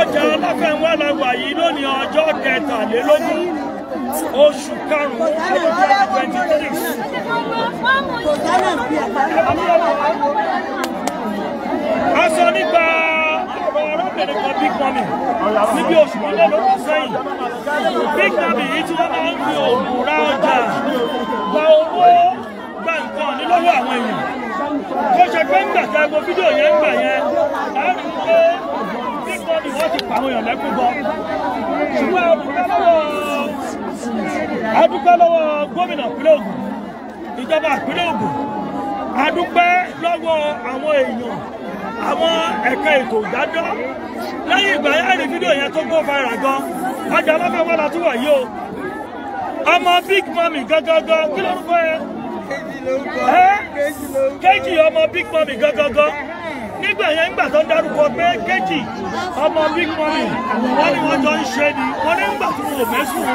ọjà aláfẹ̀wá la wà yìí lónìí ọjọ́ kẹtàlélógún oṣù karùn-ún ọdún twenty three. a sọ nípa ọ̀rọ̀ ọ̀rọ̀bìnrin kan big mami níbi oṣù mọ́lẹ́lógún sẹ́yìn big mami yìí tí wọ́n máa ń fi oògùn ra ọjà gba owó gba nílọ́wọ́ àwọn èèyàn tó ṣe pé ńgbà tá a fídíò yẹn ńgbà yẹn a rí i pé nígbà ni wọ́n ti pa àwọn èèyàn lẹ́kùn bọ́ ṣùgbọ́n a dúpẹ́ lọ́wọ́ gómìnà ìpínlẹ̀ Ògùn ìjọba ìpínlẹ̀ Ògùn a lọ́wọ́ àwọn èèyàn àwọn ẹ̀ka ètò ìdájọ́ lẹ́yìn ìgbà yẹn rí fídíò yẹn tó gbó fara gan ajá lọ́fẹ̀ẹ́ wọn la tún wà yìí o ọmọ big mami gangan gan kí ló ń fẹ́ kéjì ọmọ big mummy gangan nígbà yẹn ńgbà tó ń dárúkọ pé kéjì ọmọ big mummy wọn ni wọn jọ ń ṣe ni wọn ní ńgbà tó wò mẹsùn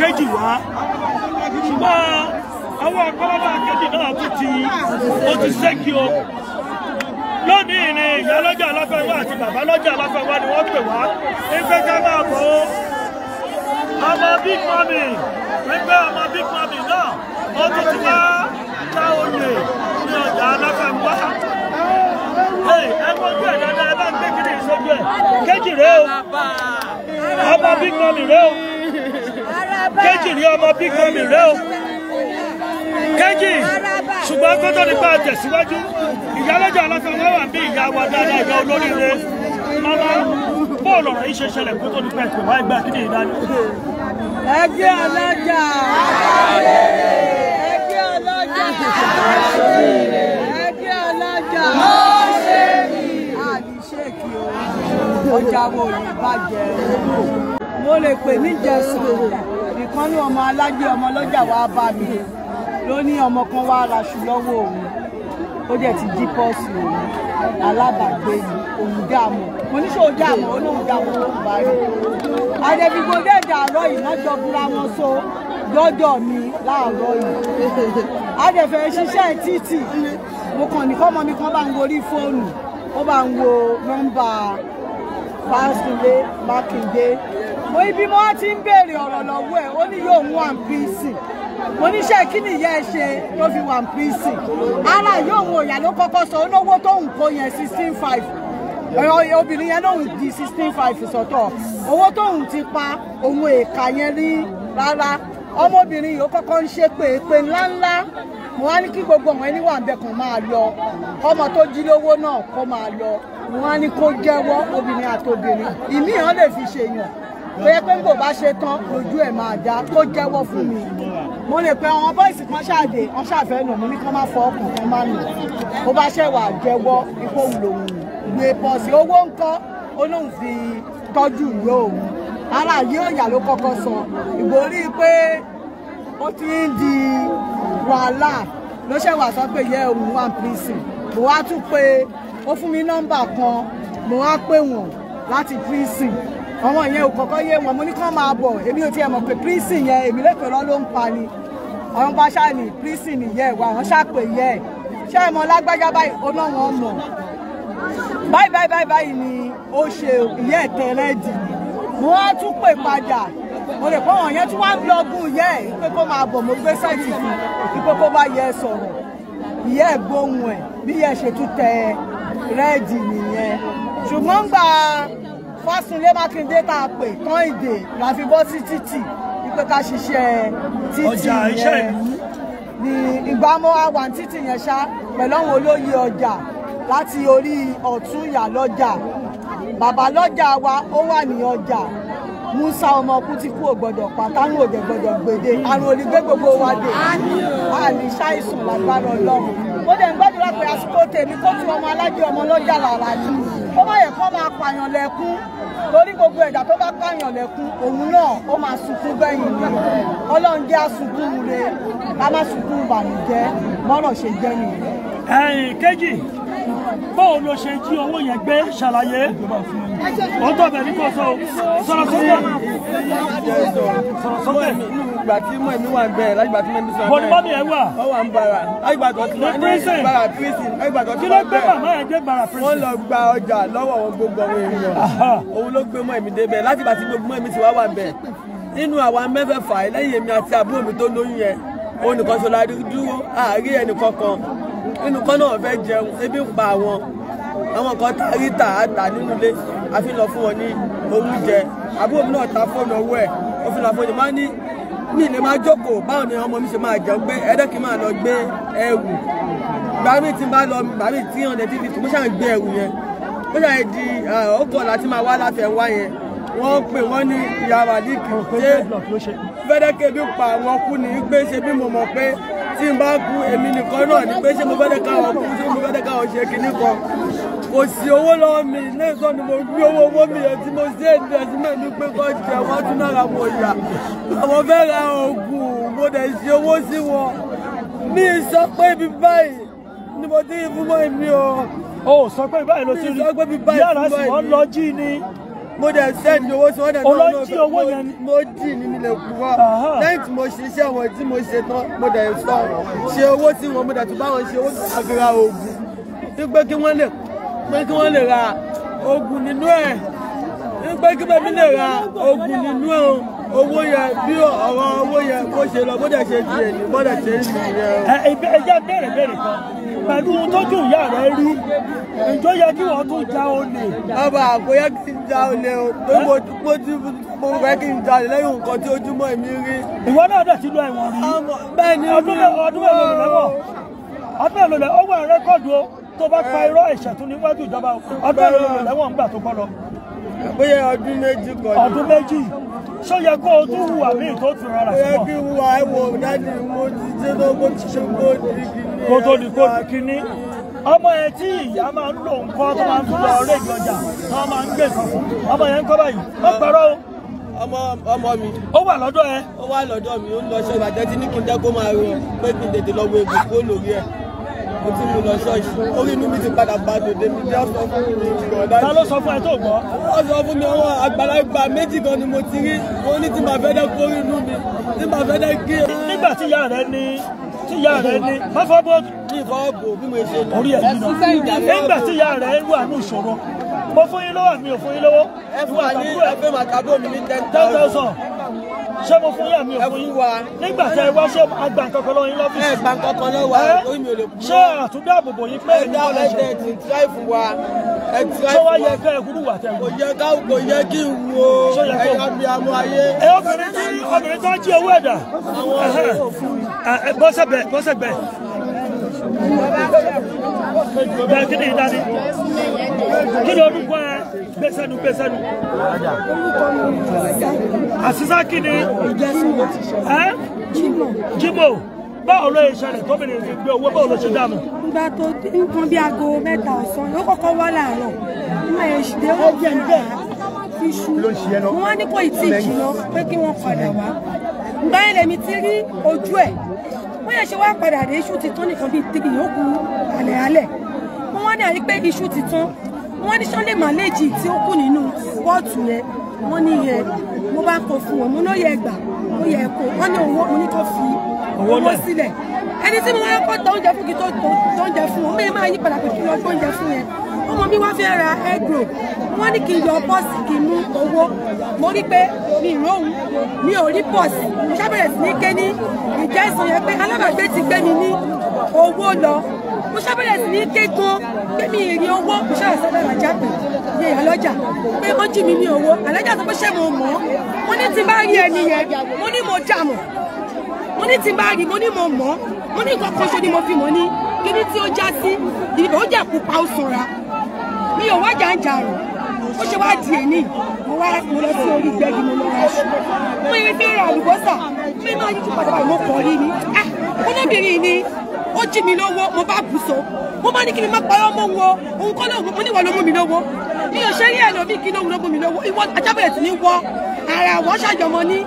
kéjì wá ṣùgbọ́n àwọn àgbàlagbà kéjì náà tún ti ó ti ṣẹ́kì o lónìí ni ìyá lọ́jà aláfẹ́wá àti bàbá lọ́jà aláfẹ́wá ni wọ́n pè wá ẹgbẹ́ ká máa bọ̀ ó ọmọ big mummy ẹgbẹ́ ọmọ big mummy náà ó tún ti wá já olè ní ọjà aláfàmúwá ẹ mọ́jú ẹ̀ dáadáa ẹ bá ń gbé kiri ìṣojú ẹ̀ kéjì rèé o ọmọ big mummy rèé o kéjì rí ọmọ big mummy rèé o kéjì ṣùgbọ́n kótó nípa àtẹ̀síwájú ìyálọ́jà aláfàmúwá wà bí ìyá wa dáadáa ìyá olóríire mọ́lá bọ́ọ̀lù ọ̀rọ̀ yìí ṣe ṣẹlẹ̀ kó tó ní pẹ́ tó wáyé gbà kí ni ìdájọ́. ẹgbẹ́ alájà ẹgbẹ́ ọlọ́jà àdìsẹ́kì ọjà wo ni bàjẹ́ mo lè pè níjẹsùn nìkan ní ọmọ alájẹ ọmọ ọlọ́jà wàá bá mi ló ní ọmọ kan wàá raṣu lọ́wọ́ òun ó dẹ̀ ti jí pọ́ọ̀sì òun alábàgbé òun dààmú oníṣòwò dààmú olóhùn dààmú ló ń bá rí àdẹ̀bìgbò dẹ̀ dàárọ̀ yìí náà jọ búra wọn so dọ́dọ̀ mi láàárọ̀ yìí a dẹ̀ fẹ́ ṣiṣẹ́ títì mo kàn ní kọ́mọ mi kan bá ń wo orí fóònù ó bá ń wo nọ́mbà Fásunlé Mákindé mo ibi mo ti ń béèrè ọ̀rọ̀ lọ́wọ́ ẹ̀ ó ní yóò mú one piece mo níṣẹ́ kí nìyẹn ṣe tó fi one piece ara yóò wọ ìyá ló kọ́kọ́ sọ olówó tó kó yẹn sixteen five obìnrin yẹn lòun di sixteen five sọ́tọ̀ owó tóun ti pa òun èèkà yẹn rí rárá ọmọbìnrin yìí ó kọ́kọ́ ń ṣe pé pé ńláńlá mo wá ní kí gbogbo àwọn ẹni wà ń bẹ kàn máa lọ ọmọ tó jí lówó náà kó máa lọ mo wá ní kó jẹ́wọ́ obìnrin àtobìnrin ìmíràn lè fi ṣèyàn bóyá pé kò bá ṣe tán ojú ẹ̀ máa dá kó jẹ́wọ́ fún mi mo lè pe àwọn bọ́ìsì kan ṣáàdé wọn ṣàfẹ́ nù mí ní kán má fọ ọkàn kan má nù bó bá ṣẹ̀ wà jẹ́wọ́ ipò òun lòun gbé pọ̀ sí owó ńkọ́ ó fi tọ́jú ìwé òun ara yìí ọ̀yà ló kọ́kọ́ sọ ìgbórí pé ó ti ń di wàhálà ló ṣe wà sọ pé yẹ òun wà prison mo wá tún pé ó fún mi nọ́mbà kan mo wá pè wọ́n láti prison ọmọ yẹn ò kọ́kọ́ yé wọn mo ní kán máa bọ̀ èmi ò tiẹ̀ mọ̀ pé prison yẹn èmi lè ló ń pa ni ọ̀run bá ṣáà ní prison nìyẹn ìwà àwọn ṣàpè yẹ ṣé ẹ mọ̀ lágbájá báyìí ó náà wọn mọ̀ báyìí báyìí báyìí ni ó ṣe ìyá ẹ̀tẹ̀ ni mo wá tún pè padà mo rè pé wọ̀nyẹn tún wá ń lọ́gùn yẹ́ ẹ̀ pé kó máa bọ̀ mo gbé sáìtì fún pípé kó bá yẹ sọ̀rọ̀ ìyẹ́ ẹ̀ gbóhùn ẹ̀ bí yẹ́ ṣe tún tẹ rẹ́ẹ̀dì nìyẹn ṣùgbọ́n gba Fásunlé Mákindé tá a pè tán ìdè la fi bọ́ sí títì pípé ká ṣiṣẹ́ títì yẹn ní ìgbàmọ́ àwọn títì yẹn ṣá pẹ̀lú àwọn olóyè ọjà láti orí ọ̀tún ìyá lọ́jà bàbá lọ́jà wa ó wà ní ọjà musa ọmọ kútíkù ò gbọ́dọ̀ pàtánù òdè gbọ́dọ̀ gbèdé àrùn olùgbé gbogbo wa dé àní ṣàìsàn lágbára Ọlọ́run ó dẹ̀ ń gbàdúrà pé àsìkò tèmi kó tún ọmọ alájẹ ọmọ lọ́jà làrá ni ó má yẹ kó máa pààyàn lẹ́kún torí gbogbo ẹ̀dá tó bá pààyàn lẹ́kún òun náà ó máa sunkún gbẹ̀yìn rẹ̀ Ọlọ́run jẹ́ àsunkún rẹ̀ ká má sunkún bàmùjẹ́ mọ́nà ṣe jẹ́ nìyẹn. ẹ̀yìn kejì báwo ló ṣe owó yẹn gbé ṣàlàyé ó bẹ̀rẹ̀ kó sọ bẹ́ẹ̀. bọ́dúbọ́ mi ẹ̀ wà. ó lẹ́yìn èmi àti àbúrò mi tó lóyún yẹn òun ṣọlá dúró àárí ẹnìkan kan nínú kan náà fẹ́ jẹun ebi ń pa àwọn àwọn kan ta ríta àtà nínú ilé àfi lọ fún wọn ní oúnjẹ àbúrò mi náà ta fóònù ọwọ́ ẹ̀ ó fi lọ fóònù máa ní ní ilé máa jókòó báwo ni ọmọ mi ṣe máa jẹun gbé ẹ̀ẹ́dẹ́kì máa lọ gbé ẹrù gbàmí tí bá lọ gbàmí tí ọ̀nà tí mo ṣàn gbé ẹrù yẹn ó ṣàyẹ̀ di ọkọ̀ láti máa wá láfẹ̀ẹ́ wá yẹn wọ́n pè wọ́n ní yàrá líkì ṣé fẹ́dẹ́kẹ́ bí pa àwọn kú ní pé ṣe bí mo mọ̀ pé tí n bá kú èmi nìkan náà ni pé ṣé mo fẹ́dẹ́ káwọn kú ṣé mo fẹ́dẹ́ káwọn ṣe kinní kan kò sí owó lọ́wọ́ mi lẹ́sọ̀ ni mo gbé owó owó mi yẹn tí mo ṣe èdè ẹ̀sìn mẹ́ni pé kọ́ jẹ́ wọ́n tún náírà mo yà àwọn fẹ́ ra oògùn mo dẹ̀ ṣe owó sí wọn mi sọ pé ibi báyìí ni mo ti fún mọ́ mi o. o sọ pé báyìí ló ti rí yàrá sì wọ́n lọ jí ni mo dẹ̀ sẹ́ni owó sí wọ́n dẹ̀ tán náà mo jì ní ilẹ̀ òkúwọ́ lẹ́yìn tí mo ṣe iṣẹ́ wọn tí mo ṣe tán mo dẹ̀ sọ ṣe owó tí wọn mo dẹ̀ tún bá wọn ṣe owó àfihàn oògùn wípé kí wọ́n lè pé kí wọ́n lè ra oògùn nínú ẹ̀ wípé kí bẹ́ẹ̀ lè ra oògùn nínú ẹ̀ owó yẹ bí ọ̀rọ̀ owó yẹ bó ṣe lọ bó dẹ̀ ṣe jìyẹ̀ ní bó dẹ̀ ṣe ń jìyẹ̀ o. ẹ ẹ jẹ́ bẹ̀rẹ̀ bẹ̀rẹ̀ kan pẹ̀lú tójú ìyá rẹ rí ìjọ yẹ kí wọ́n tún ja olè. bàbá kò kí n ja olè o tó mo mo ti mo fẹ́ kí n ja olè lẹ́yìn nǹkan tí ojúmọ́ mi rí. ìwọ náà dẹ̀ ti lọ ẹ̀wọ̀n rí. bẹ́ẹ̀ ọdún mélòó ọdún mélòó lẹ́wọ̀n ọdún mélòó lẹ́wọ̀n ó wà rẹ́kọ̀dù tó bá pa irọ́ ẹ̀ṣẹ̀ tó níwájú ìjọba ọdún mélòó lẹ́wọ̀n ń gbà tó kọ́ lọ. bóyá ọdún méjì kọ́ ọdún méjì ṣó kó o tún hùwà míì tó tún rárá sí ó yẹ kí hùwà ẹ wò dájú mo ti ṣe tó kó ti ṣe kó di kíní. kó tó di kó di kíní. ọmọ ẹ tí ìyá máa ń lò ń kọ́ tó máa ń fún ọ̀rẹ́ ìjọjà tó máa ń gbè sàn fún ọmọ yẹn ń kọ́ báyìí ó pẹ̀rọ o. ọmọ ọmọ mi. ó wà lọ́dọ̀ ẹ. ó wà lọ́dọ̀ mi ó lọ ṣe ìbàjẹ́ tí ní kí n jẹ́ kó máa rìn pé kí n tètè lọ wo èbùkún lórí ẹ̀ mo ti mú lọ ṣọ́ọ̀ṣì orí inú mi ti padà bá dòde mi jẹ́ fún mi ìgbọ̀dá. ta ló sọ fún ẹ tó gbọ́. wọ́n sọ fún mi àwọn àgbàlagbà méjì kan ni mo ti rí wọ́n ní tí màá fẹ́ dẹ́ kórí inú mi tí màá fẹ́ dẹ́ gé. E. nígbà tí ìyá rẹ ní tí ìyá rẹ ní má fọ́ bó. ní ìfọwọ́bò bí mo ṣe lọ. orí ẹ̀ jìnnà nígbà tí ìyá rẹ wà ní ìṣòro mo fún yín lọ́wọ́ mi ò fún yín lọ́wọ́. ẹ fún wa ní ẹ fẹ́ mi ní ten thousand ṣé mo fún yà mí ò fún nígbà tẹ ẹ wá ṣé àgbà kankan lọ́wọ́ yín lọ́fíìsì. ẹ gbà kankan lọ́wọ́ orí mi ò lè kú. ṣé àtúndà àbòbò yín pé ìlú kọ́lẹ̀ ṣe. ẹ ti tíráì fún wa ẹ tíráì ṣé wàá yẹ kẹ́ ẹ kúrú wà tẹ̀ wọ́n. kò yẹ kí n wo ẹ̀yọ́ bí amú ayé. ẹ obìnrin tí obìnrin tó ń jí owó ẹ̀dà. bọ́sẹ̀ bẹ̀ bọ́sẹ̀ bẹ̀ kí ni orúkọ ẹ gbé sẹ́nu gbé sẹ́nu. àṣìṣe kí ni Jimoh báwo ló ṣe ṣẹlẹ̀ tóbìnrin fi gbé owó báwo ló ṣe dààmú. ìgbà tó nǹkan bíi aago mẹ́ta ọ̀sán ló kọ́kọ́ wá láàárọ̀ nígbà èsì dé ó jẹ́ níbẹ̀ fi ṣu mo wá ní kò tí ì jìnnà pé kí wọ́n padà wá. ìgbà yẹn lèmi ti rí ojú ẹ̀ wọ́n yẹ ṣe wá padà dé iṣu ti nìkan bíi tìkì yóò àlẹ́ àlẹ́ mo wá ní àrí pé iṣu ti wọ́n ní sọ́lé màlẹ́jì tí ó kù nínú pọ́ọ̀tù rẹ̀ wọ́n ní yẹ mo bá kó fún wọn mo ló yẹ gbà mo yẹ kó wọ́n ní owó mo ní tó fi owó sílẹ̀ ẹni tí mo wá kọ́ tó oúnjẹ fún kí tó tó oúnjẹ fún wọn bẹ́ẹ̀ máa yí padà pé kí lọ gbóúnjẹ fún yẹn ọmọ mi wá fẹ́ ra egro wọ́n ní kí n yọ bọ́ọ̀sì kí n mú owó mo rí pé mi ìróhùn mi ò rí bọ́ọ̀sì mo ṣàbẹ̀rẹ̀ sí ní ké ní ìjẹ́sùn yẹn pé alábàgbé ti gbé mi ní owó lọ mo ṣàbẹ̀rẹ̀ sí ní ké gan pé mi èrè owó mo ṣàbẹ̀rẹ̀ sábẹ̀ lọ́jà pé iye ìyálọ́jà pé mo jí mi ní owó àlọ́jà sọ pé ṣé mo mọ̀ ọ́ mo ní ti bá rí ẹni yẹn mo ní mo jà mọ̀ mo ní ti bá rí mo ní mo mọ̀ ọ́ mo ní nǹkan kan ṣe ni mo fi mọ̀ ní kíní tí ó já sí ìbò ó jà pupa ó sanra mi ò wájà ń jà rò ó ṣe wá di èní mo wá mo lọ sí orí gbẹ́gi mo lọ ra aṣọ mo yẹ fi ra àlùbọ́sà mi máa yíjú padà báyìí mo kọ̀ olóbìnrin ni ó jí mi lówó mo bá bù so mo máa ní kí ni má parọ́ mọ́ wo òun kọ́ lóhùn mo níwọ̀ ló mú mi lówó mi ò ṣe rí ẹlòmíì kí lóhùn ló mú mi lówó ìwọ ajábẹ̀rẹ̀ tí ní wọ ara àwọn ṣàjọmọ ní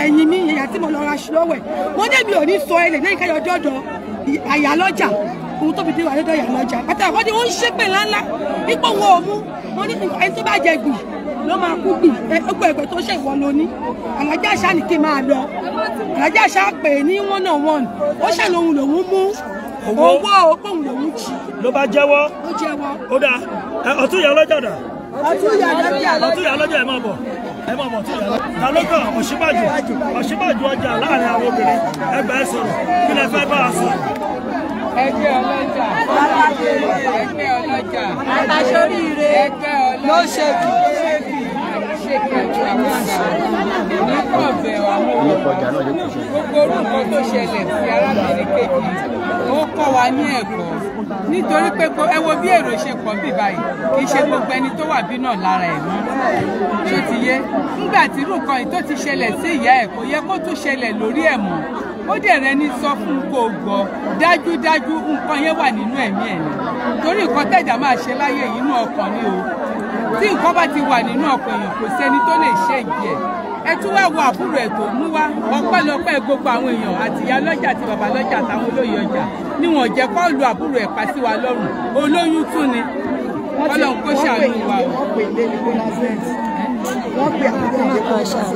ẹ̀yìn mi ìyá tí mo lọ ra ṣùlọ́wọ́ ẹ̀ mo ní èmi ò ní sọ ẹlẹ̀ lẹ́yìn káyọ̀ dọ́dọ̀ àyálọ́jà òun tóbi dé wà lọ́dọ̀ àyálọ́jà pátá àwọn ni wọ́n ń ṣépè ńláńlá ipò wọn ò mú mo ní ẹni tó bá jẹ gbì ló máa kú bì gbogbo ẹgbẹ́ tó ṣe ìwọ lóní alájà ṣá ni kí n máa lọ alájà ṣá pè ní one on one ó ṣàlóhun lòún mú owó òpóhùn lòún jì. ló bá jẹ́wọ́ ó jẹ́wọ́ ó dáa ọ̀tún ìyá ọlọ́jà dà ọ̀tún ìyá ọlọ́jà ọ̀tún ìyá ọlọ́jà ẹ̀ máa bọ̀ ẹ máa mọ̀ tí ìyá lọ. ta ló kàn Ọ̀ṣínbàjò Ọ̀ṣínbàjò ọjà láàrin àwọn obìnrin ẹgbẹ́ ẹ sọ̀rọ̀ kí lẹ fẹ́ bá a sọ. ẹgbẹ́ ọlọ́jà ẹgbẹ́ ọlọ́jà àtàṣoríire ẹgbẹ́ ọlọ́jà ló ṣe jù. nítorí pé bí èrò ṣe bí báyìí kì í ṣe gbogbo ẹni tó wà bí náà lára tó ti yé nígbà tí irú nǹkan yìí tó ti sí ìyá kò yẹ kó tún lórí ó rẹ ní sọ fún kò dájúdájú o tí nǹkan bá ti wà nínú ọ̀pọ̀ èèyàn kò sẹ́ni tó lè ṣe ìdí ẹ̀ ẹ tún wá wo àbúrò ẹ̀ tó mú wá ọpẹ́lọpẹ́ gbogbo àwọn èèyàn àti ìyá lọ́jà àti bàbá lọ́jà àtàwọn olóyè ọjà níwọ̀n jẹ́ kó lu àbúrò ẹ̀ pa sí wa lọ́rùn olóyún tún ni Ọlọ́run kó ṣàánú o. wọ́n pe àbúrò ẹ̀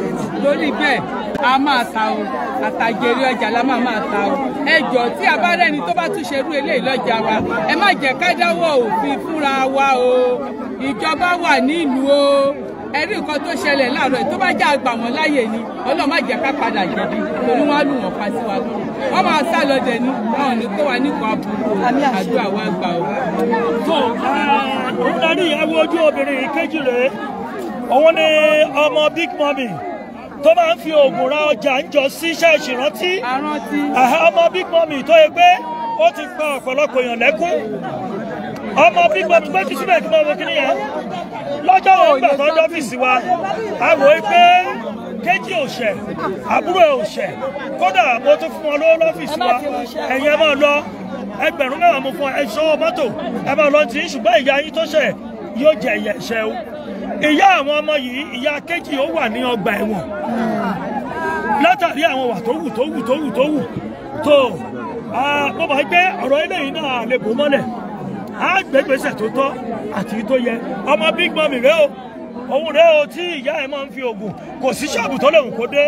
lórí bẹ́ẹ̀ a máa ta o àtàjèrè ọjà la máa máa ta o ẹ tí a bá rẹ́ni tó bá tún ṣerú eléyìí lọ́jà wa ẹ má jẹ́ ká dáwọ́ òfin fúnra wa o ìjọba wà nílùú o ẹrí nǹkan tó ṣẹlẹ̀ láàárọ̀ ẹ̀ tó bá jẹ́ àgbà wọn láyè ni ọlọ́run má jẹ́ ká padà jẹ̀bi torí wọ́n á lù wọ́n pa sí wa lọ́rùn wọ́n máa sá lọ dẹ̀ ní àwọn ní kó wa nípa àbúrò àdúrà wa gbà o. tó òun náà ní ojú obìnrin kejì rèé òun ni ọmọ big mommy tó máa ń fi oògùn ra ọjà ń jọ sí ṣẹ́ẹ̀ṣì rántí ọmọ big mummy tó yẹ pé ó ti pa ọ̀pọ̀lọpọ̀ èèyàn lẹ́kún ọmọ big mummy pé kí síbẹ̀ kí wọ́n wo kíní lọ́jọ́ wọn gbà tó dọ́fíìsì wa a wò ó pé kéjì òṣẹ̀ àbúrò òṣẹ̀ kódà mo tún fún wọn lọ́wọ́ lọ́fíìsì wa ẹ̀yin ẹ máa lọ ẹgbẹ̀rún mẹ́wàá mo fún ẹ ṣọwọ́ mọ́tò ẹ máa lọ tí ṣùgbọ́n ìyá yín tó ṣẹ̀ yóò jẹ ẹ̀ṣẹ̀ o ìyá àwọn ọmọ yìí ìyá kejì ó wà ní ọgbà ẹ̀wọ̀n látàrí àwọn wà tó wù tó wù tó wù tó wù tó mo mọ̀ pé ọ̀rọ̀ eléyìí náà lè bò mọ́lẹ̀ á gbégbèsè tó tọ́ àti tó yẹ ọmọ big mummy rẹ o òun rẹ o tí ìyá ẹ máa ń fi oògùn kò sí ṣọ́ọ̀bù tó lòun kó dé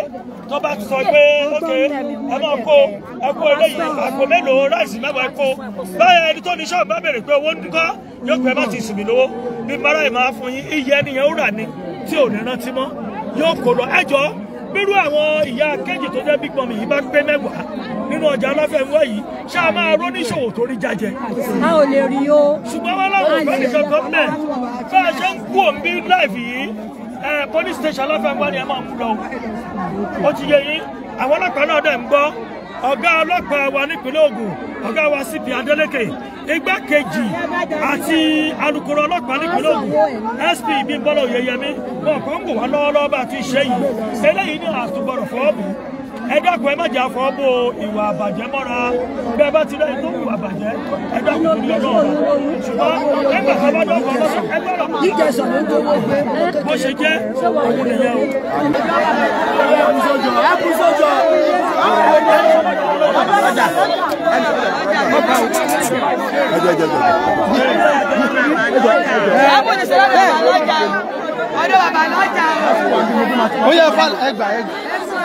tó bá sọ pé ókè ẹ máa kó ẹ kó eléyìí àpò mélòó ráìsì mẹ́wàá ẹ kó báyà ẹni tó ní ṣọ́ọ̀bù bá béèrè pé owó ń kọ́ yóò pẹ́ má ti sùn mí lówó bí bára ẹ̀ máa fún yín iye ẹnìyẹn ó rà ní tí ò ní rántí mọ́ yóò kó lọ ẹjọ́ bírú àwọn ìyá kéjì tó jẹ́ bígbọ́n mi yìí bá gbé mẹ́wàá nínú ọjà aláfẹ̀mọ́ yìí ṣé a máa róníṣòwò tó rí jàjẹ. a ò lè rí o. ṣùgbọ́n wọn láwọn ọ̀gá nìkan gọ́ọ̀mẹ̀ bá a ṣe ń kú òǹbí láìfì yìí police station aláfẹ̀mọ́ ni ẹ máa mú lọ. ó ti yẹ yín àwọn ọlọ́pàá náà dẹ̀ ń gbọ́ ọ̀gá ọlọ́pàá wa nípínlẹ̀ Ògùn ọ̀gá wa CP Adeleke igbákejì àti alukoro ọlọ́pàá nípínlẹ̀ Ògùn SP Bímbọ́lá Oyèyẹmí wọn kàn ń wò wá lọ́wọ́lọ́wọ́ bá a ti ṣe yìí eléyìí ní àtúgbọ̀rọ̀ fọ́ọ̀bù ẹ dákun ẹ má jà fọ́ bó ìwà àbàjẹ́ mọ́ra bẹ́ẹ̀ bá ti lẹ́yìn tó ìwà àbàjẹ́ ẹ dákun torí ọlọ́run ṣùgbọ́n ẹ gbà a bá dọ́kọ̀ ọlọ́run ẹ gbọ́dọ̀ mọ́. jíjẹ sọ̀rọ̀ ń gbowó gbé. bó ṣe jẹ́ òun nìyẹn o. ẹ kú sójọ ẹ fa ẹgbàá ẹgbàá.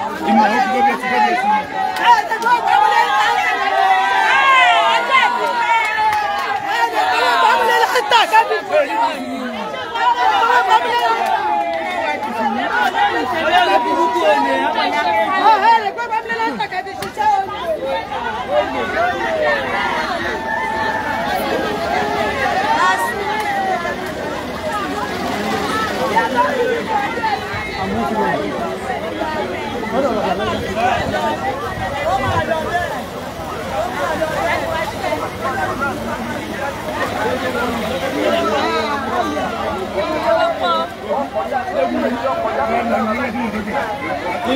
إما هو في قبلة هذا هذا هذا هذا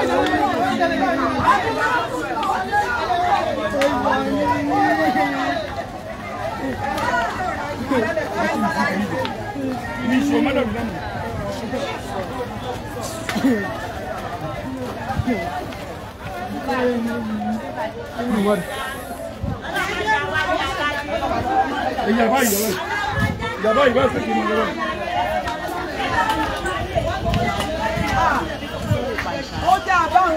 Yaba yi, yaba yi, yaba yi, yaba yi, yaba yi. long.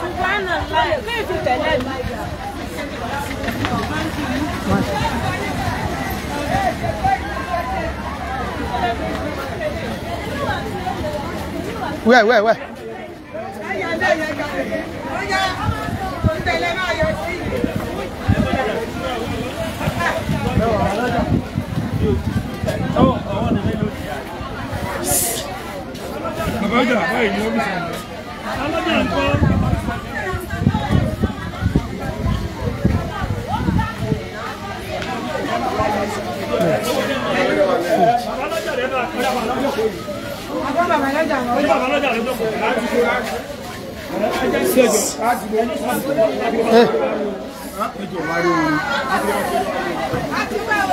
Suwana la Where, where, where? Oh, I want to Bàbá ìjà báyìí ni ó bí sọ̀rọ̀. Àti báwo?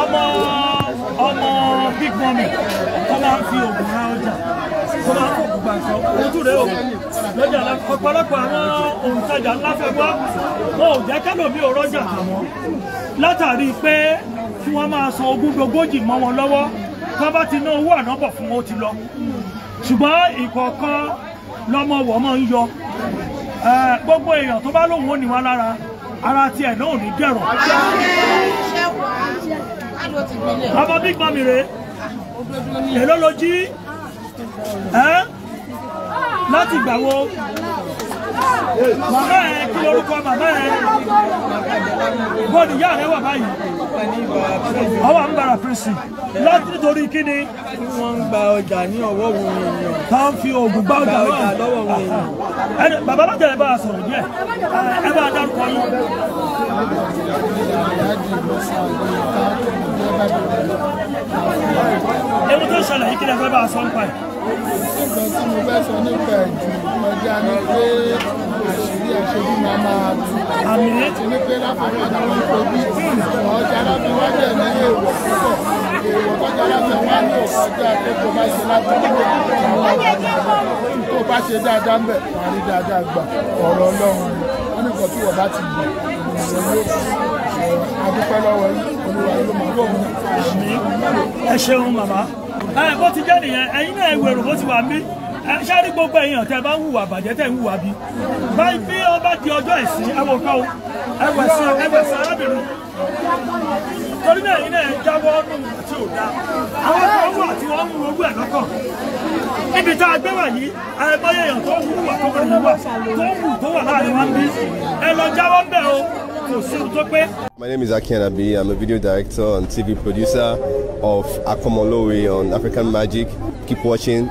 ọmọ ọmọ big mummy tó máa ń fi oògùn ra ọjà tó máa ń kó gbogbo àǹkan ojú rẹ o lọ́jà ọ̀pọ̀lọpọ̀ àwọn òǹtajà ńlá fẹ́ wá wọn ò jẹ́ kẹ́lòmí ò rọ́jà àmọ́ látàrí pé kí wọ́n máa san ogún dogójì mọ́ wọn lọ́wọ́ tó bá ti ná owó ànábọ̀ fún wọn ó ti lọ ṣùgbọ́n ìkọ̀ọ̀kan lọ́mọ wọ̀ máa ń yọ gbogbo èèyàn tó bá lòun ò ní wá lára ara tiẹ̀ náà ò ní dẹ̀rọ̀. ọmọ bí gbọ́n mi rè èló lo jí láti gbà wo màmá ẹ kí lórúkọ màmá ẹ bọ́ọ̀dù ìyá rẹ wà báyìí ọwọ́ à ń gbára pèsè láti nítorí kí ni. wọ́n ń gba ọjà ní ọwọ́ òun èèyàn. tá ń fi oògùn gbá ọjà lọ́wọ́ òun èèyàn. bàbá lọ́jà ẹ bá a sọ̀rọ̀ díẹ̀ ẹ bá a dárúkọ yín. ewu tó ṣẹlẹ̀ yìí kí lè fẹ́ bá a sọ nípa ẹ̀. ìgbà tí mo fẹ́ sọ nípa ẹ̀ jù ni pé ṣebí máa máa tu. àmì ní pé láfọwọ́ ni wọ́n ń pè bí ọjà láti wá jẹ́ ní èèwọ̀ púpọ̀ èèwọ̀ tọ́jà láti wá ní ọ̀pọ̀ ọjà pé kò má ṣe láti wúlò àwọn ọ̀rọ̀ tó bá ṣe dáadáa ń bẹ̀ wàá rí dáadáa gbà ọ̀rọ̀ ọlọ́run ni wọ́n ní kọ́ tí wọ́n bá ti gbà adúpẹ́ lọ́wọ́ olúwa ló máa bọ̀ ṣáàrí gbogbo èèyàn tẹ bá ń bàjẹ́ tẹ ń bí báyìí bí ọba di ọjọ́ ẹ̀sìn ẹwọ̀ kan o ẹwọ̀ ẹ̀sìn ẹwọ̀ ẹ̀sìn arábìnrin torí náà yìí náà jáwọ́ ọdún àti òdá àwọn kan wà tí wọ́n ń ru ogún ẹ̀ lọ́kàn níbi tá a gbé wà yìí àìmọye èèyàn tó ń hùwà tó kọ́ ìwà tó ń tó wà láàrin wa bí ẹ lọ jáwọ́ ń o kò sí ohun tó pé. My name is Akian Abi. I'm a video director and TV producer of Akomolowe on African Magic. Keep watching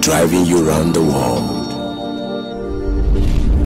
driving you around the world.